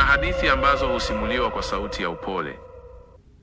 Kuna hadithi ambazo husimuliwa kwa sauti ya upole,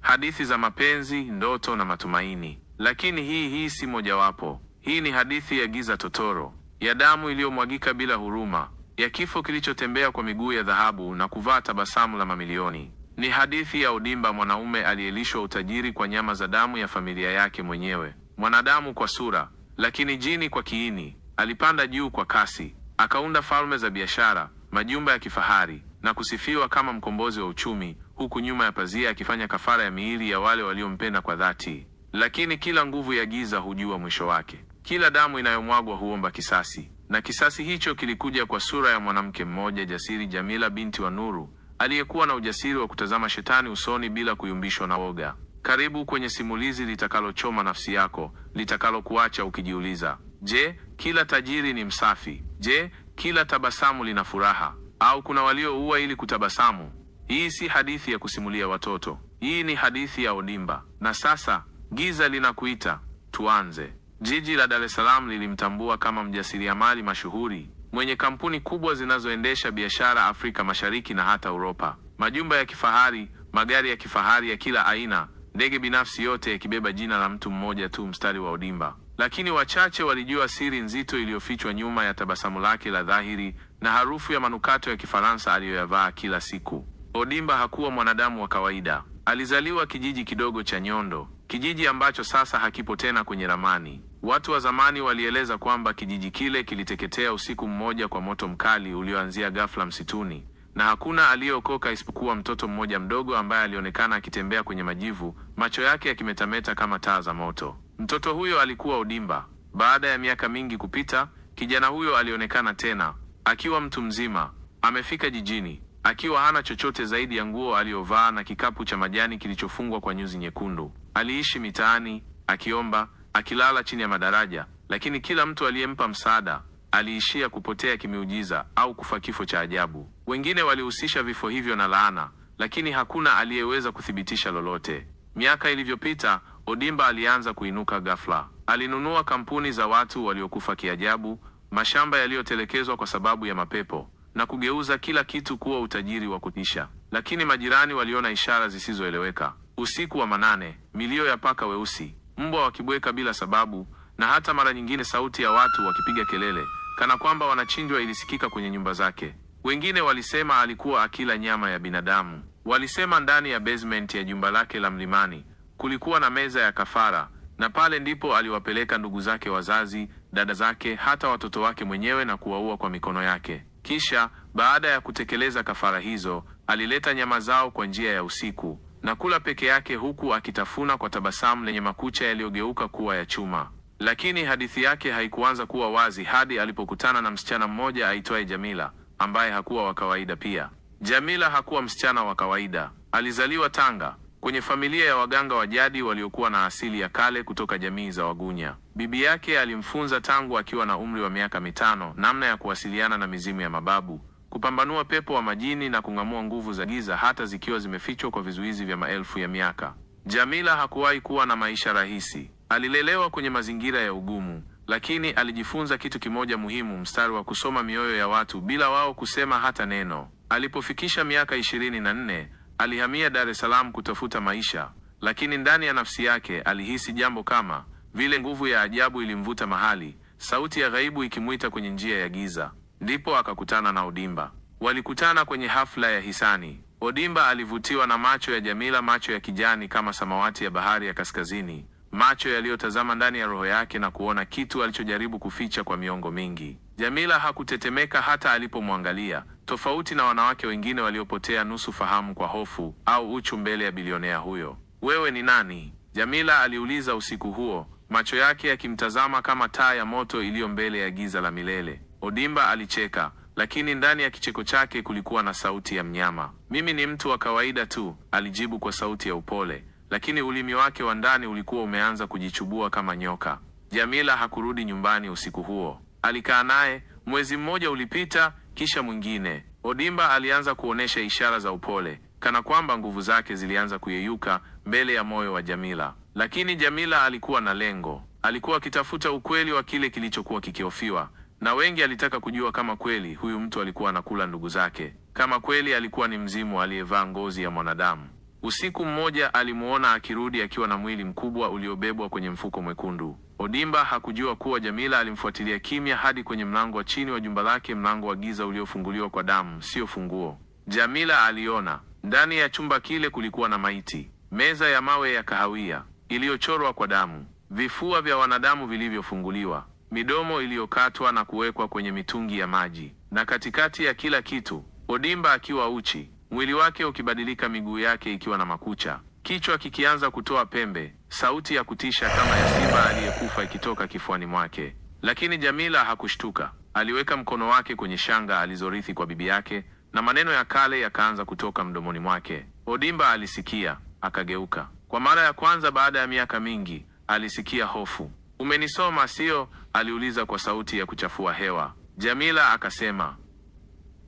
hadithi za mapenzi, ndoto na matumaini. Lakini hii hii si mojawapo. Hii ni hadithi ya giza totoro, ya damu iliyomwagika bila huruma, ya kifo kilichotembea kwa miguu ya dhahabu na kuvaa tabasamu la mamilioni. Ni hadithi ya Odimba, mwanaume aliyelishwa utajiri kwa nyama za damu ya familia yake mwenyewe. Mwanadamu kwa sura, lakini jini kwa kiini. Alipanda juu kwa kasi, akaunda falme za biashara, majumba ya kifahari na kusifiwa kama mkombozi wa uchumi, huku nyuma ya pazia akifanya kafara ya miili ya wale waliompenda kwa dhati. Lakini kila nguvu ya giza hujua mwisho wake. Kila damu inayomwagwa huomba kisasi, na kisasi hicho kilikuja kwa sura ya mwanamke mmoja jasiri, Jamila binti wa Nuru, aliyekuwa na ujasiri wa kutazama shetani usoni bila kuyumbishwa na woga. Karibu kwenye simulizi litakalochoma nafsi yako, litakalokuacha ukijiuliza, je, kila tajiri ni msafi? Je, kila tabasamu lina furaha? au kuna walioua ili kutabasamu. Hii si hadithi ya kusimulia watoto, hii ni hadithi ya Odimba. Na sasa giza linakuita, tuanze. Jiji la Dar es Salaam lilimtambua kama mjasiriamali mashuhuri mwenye kampuni kubwa zinazoendesha biashara Afrika Mashariki na hata Uropa. Majumba ya kifahari, magari ya kifahari ya kila aina, ndege binafsi, yote yakibeba jina la mtu mmoja tu, mstari wa Odimba. Lakini wachache walijua siri nzito iliyofichwa nyuma ya tabasamu lake la dhahiri, na harufu ya manukato ya Kifaransa aliyoyavaa kila siku. Odimba hakuwa mwanadamu wa kawaida. Alizaliwa kijiji kidogo cha Nyondo, kijiji ambacho sasa hakipo tena kwenye ramani. Watu wa zamani walieleza kwamba kijiji kile kiliteketea usiku mmoja kwa moto mkali ulioanzia ghafla msituni, na hakuna aliyeokoka isipokuwa mtoto mmoja mdogo ambaye alionekana akitembea kwenye majivu, macho yake yakimetameta kama taa za moto. Mtoto huyo alikuwa Odimba. Baada ya miaka mingi kupita, kijana huyo alionekana tena. Akiwa mtu mzima amefika jijini akiwa hana chochote zaidi ya nguo aliyovaa na kikapu cha majani kilichofungwa kwa nyuzi nyekundu. Aliishi mitaani akiomba, akilala chini ya madaraja, lakini kila mtu aliyempa msaada aliishia kupotea kimiujiza au kufa kifo cha ajabu. Wengine walihusisha vifo hivyo na laana, lakini hakuna aliyeweza kuthibitisha lolote. Miaka ilivyopita, Odimba alianza kuinuka ghafla. Alinunua kampuni za watu waliokufa kiajabu mashamba yaliyotelekezwa kwa sababu ya mapepo na kugeuza kila kitu kuwa utajiri wa kutisha. Lakini majirani waliona ishara zisizoeleweka, usiku wa manane, milio ya paka weusi, mbwa wakibweka bila sababu, na hata mara nyingine sauti ya watu wakipiga kelele kana kwamba wanachinjwa ilisikika kwenye nyumba zake. Wengine walisema alikuwa akila nyama ya binadamu. Walisema ndani ya basement ya jumba lake la mlimani kulikuwa na meza ya kafara, na pale ndipo aliwapeleka ndugu zake wazazi dada zake, hata watoto wake mwenyewe na kuwaua kwa mikono yake. Kisha baada ya kutekeleza kafara hizo, alileta nyama zao kwa njia ya usiku na kula peke yake, huku akitafuna kwa tabasamu lenye makucha yaliyogeuka kuwa ya chuma. Lakini hadithi yake haikuanza kuwa wazi hadi alipokutana na msichana mmoja aitwaye Jamila, ambaye hakuwa wa kawaida pia. Jamila hakuwa msichana wa kawaida, alizaliwa Tanga Kwenye familia ya waganga wa jadi waliokuwa na asili ya kale kutoka jamii za Wagunya, bibi yake alimfunza tangu akiwa na umri wa miaka mitano namna ya kuwasiliana na mizimu ya mababu, kupambanua pepo wa majini na kung'amua nguvu za giza hata zikiwa zimefichwa kwa vizuizi vya maelfu ya miaka. Jamila hakuwahi kuwa na maisha rahisi. Alilelewa kwenye mazingira ya ugumu, lakini alijifunza kitu kimoja muhimu, mstari wa kusoma mioyo ya watu bila wao kusema hata neno. Alipofikisha miaka ishirini na nne Alihamia Dar es Salaam kutafuta maisha, lakini ndani ya nafsi yake alihisi jambo kama vile nguvu ya ajabu ilimvuta mahali, sauti ya ghaibu ikimwita kwenye njia ya giza. Ndipo akakutana na Odimba. Walikutana kwenye hafla ya hisani. Odimba alivutiwa na macho ya Jamila, macho ya kijani kama samawati ya bahari ya kaskazini, macho yaliyotazama ndani ya roho yake na kuona kitu alichojaribu kuficha kwa miongo mingi. Jamila hakutetemeka hata alipomwangalia, tofauti na wanawake wengine waliopotea nusu fahamu kwa hofu au uchu mbele ya bilionea huyo. Wewe ni nani? Jamila aliuliza usiku huo, macho yake yakimtazama kama taa ya moto iliyo mbele ya giza la milele. Odimba alicheka, lakini ndani ya kicheko chake kulikuwa na sauti ya mnyama. Mimi ni mtu wa kawaida tu, alijibu kwa sauti ya upole, lakini ulimi wake wa ndani ulikuwa umeanza kujichubua kama nyoka. Jamila hakurudi nyumbani usiku huo. Alikaa naye mwezi mmoja ulipita, kisha mwingine. Odimba alianza kuonyesha ishara za upole, kana kwamba nguvu zake zilianza kuyeyuka mbele ya moyo wa Jamila. Lakini Jamila alikuwa na lengo. Alikuwa akitafuta ukweli wa kile kilichokuwa kikihofiwa, na wengi alitaka kujua kama kweli huyu mtu alikuwa anakula ndugu zake, kama kweli alikuwa ni mzimu aliyevaa ngozi ya mwanadamu. Usiku mmoja alimuona akirudi akiwa na mwili mkubwa uliobebwa kwenye mfuko mwekundu. Odimba hakujua kuwa Jamila alimfuatilia kimya hadi kwenye mlango wa chini wa jumba lake, mlango wa giza uliofunguliwa kwa damu, sio funguo. Jamila aliona ndani ya chumba kile kulikuwa na maiti, meza ya mawe ya kahawia iliyochorwa kwa damu, vifua vya wanadamu vilivyofunguliwa, midomo iliyokatwa na kuwekwa kwenye mitungi ya maji, na katikati ya kila kitu Odimba akiwa uchi mwili wake ukibadilika, miguu yake ikiwa na makucha, kichwa kikianza kutoa pembe, sauti ya kutisha kama ya simba aliyekufa ikitoka kifuani mwake. Lakini Jamila hakushtuka. Aliweka mkono wake kwenye shanga alizorithi kwa bibi yake, na maneno ya kale yakaanza kutoka mdomoni mwake. Odimba alisikia, akageuka. Kwa mara ya kwanza baada ya miaka mingi, alisikia hofu. Umenisoma sio? aliuliza kwa sauti ya kuchafua hewa. Jamila akasema,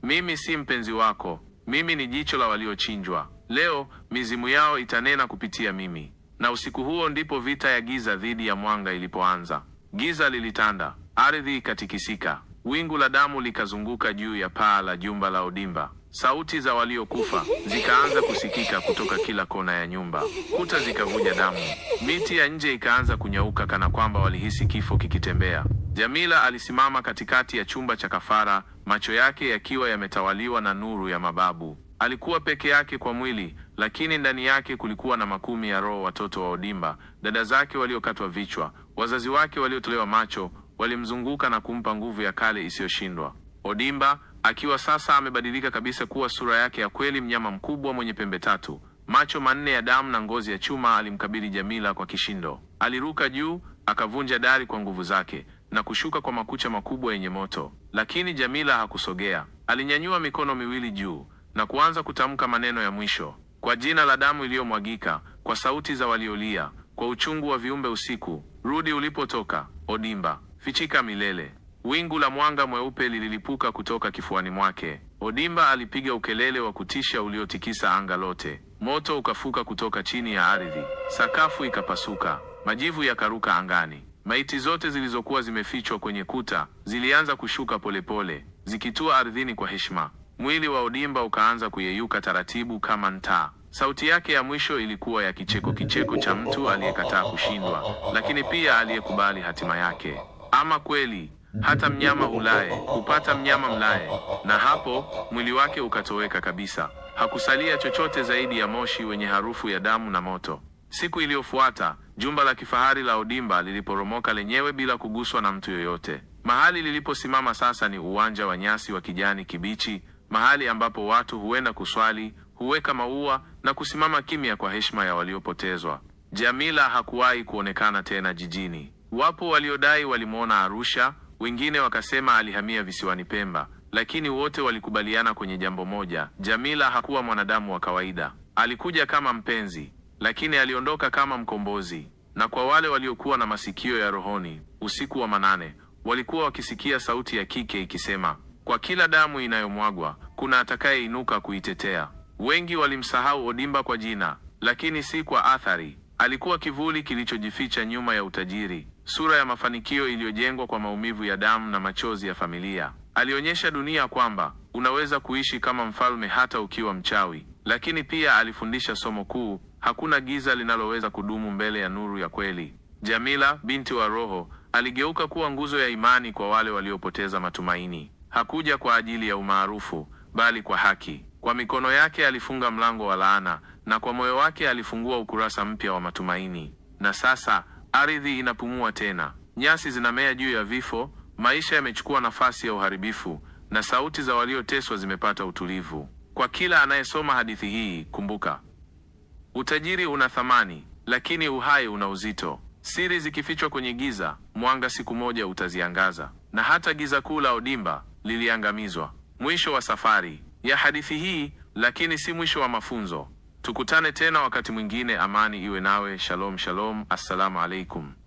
mimi si mpenzi wako, mimi ni jicho la waliochinjwa. Leo mizimu yao itanena kupitia mimi. Na usiku huo ndipo vita ya giza dhidi ya mwanga ilipoanza. Giza lilitanda, ardhi ikatikisika, wingu la damu likazunguka juu ya paa la jumba la Odimba. Sauti za waliokufa zikaanza kusikika kutoka kila kona ya nyumba, kuta zikavuja damu, miti ya nje ikaanza kunyauka kana kwamba walihisi kifo kikitembea. Jamila alisimama katikati ya chumba cha kafara, macho yake yakiwa yametawaliwa na nuru ya mababu. Alikuwa peke yake kwa mwili, lakini ndani yake kulikuwa na makumi ya roho. Watoto wa Odimba, dada zake waliokatwa vichwa, wazazi wake waliotolewa macho, walimzunguka na kumpa nguvu ya kale isiyoshindwa. Odimba akiwa sasa amebadilika kabisa kuwa sura yake ya kweli, mnyama mkubwa mwenye pembe tatu, macho manne ya damu na ngozi ya chuma, alimkabili Jamila kwa kishindo. Aliruka juu, akavunja dari kwa nguvu zake na kushuka kwa makucha makubwa yenye moto, lakini Jamila hakusogea. Alinyanyua mikono miwili juu na kuanza kutamka maneno ya mwisho, kwa jina la damu iliyomwagika, kwa sauti za waliolia, kwa uchungu wa viumbe usiku. Rudi ulipotoka, Odimba, fichika milele. Wingu la mwanga mweupe lililipuka kutoka kifuani mwake. Odimba alipiga ukelele wa kutisha uliotikisa anga lote. Moto ukafuka kutoka chini ya ardhi, sakafu ikapasuka, majivu yakaruka angani. Maiti zote zilizokuwa zimefichwa kwenye kuta zilianza kushuka polepole, zikitua ardhini kwa heshima. Mwili wa Odimba ukaanza kuyeyuka taratibu kama ntaa. Sauti yake ya mwisho ilikuwa ya kicheko, kicheko cha mtu aliyekataa kushindwa, lakini pia aliyekubali hatima yake. Ama kweli hata mnyama ulaye hupata mnyama mlaye. Na hapo mwili wake ukatoweka kabisa. Hakusalia chochote zaidi ya moshi wenye harufu ya damu na moto. Siku iliyofuata jumba la kifahari la Odimba liliporomoka lenyewe bila kuguswa na mtu yoyote. Mahali liliposimama sasa ni uwanja wa nyasi wa kijani kibichi, mahali ambapo watu huenda kuswali, huweka maua na kusimama kimya kwa heshima ya waliopotezwa. Jamila hakuwahi kuonekana tena jijini. Wapo waliodai walimwona Arusha, wengine wakasema alihamia visiwani Pemba, lakini wote walikubaliana kwenye jambo moja: Jamila hakuwa mwanadamu wa kawaida. Alikuja kama mpenzi lakini aliondoka kama mkombozi. Na kwa wale waliokuwa na masikio ya rohoni, usiku wa manane walikuwa wakisikia sauti ya kike ikisema, kwa kila damu inayomwagwa kuna atakayeinuka kuitetea. Wengi walimsahau Odimba kwa jina, lakini si kwa athari. Alikuwa kivuli kilichojificha nyuma ya utajiri, sura ya mafanikio iliyojengwa kwa maumivu ya damu na machozi ya familia. Alionyesha dunia kwamba unaweza kuishi kama mfalme hata ukiwa mchawi, lakini pia alifundisha somo kuu Hakuna giza linaloweza kudumu mbele ya nuru ya kweli. Jamila binti wa Roho aligeuka kuwa nguzo ya imani kwa wale waliopoteza matumaini. Hakuja kwa ajili ya umaarufu, bali kwa haki. Kwa mikono yake alifunga mlango wa laana, na kwa moyo wake alifungua ukurasa mpya wa matumaini. Na sasa ardhi inapumua tena, nyasi zinamea juu ya vifo, maisha yamechukua nafasi ya uharibifu, na sauti za walioteswa zimepata utulivu. Kwa kila anayesoma hadithi hii, kumbuka Utajiri una thamani, lakini uhai una uzito. Siri zikifichwa kwenye giza, mwanga siku moja utaziangaza, na hata giza kuu la Odimba liliangamizwa. Mwisho wa safari ya hadithi hii, lakini si mwisho wa mafunzo. Tukutane tena wakati mwingine. Amani iwe nawe. Shalom, shalom. Assalamu alaikum.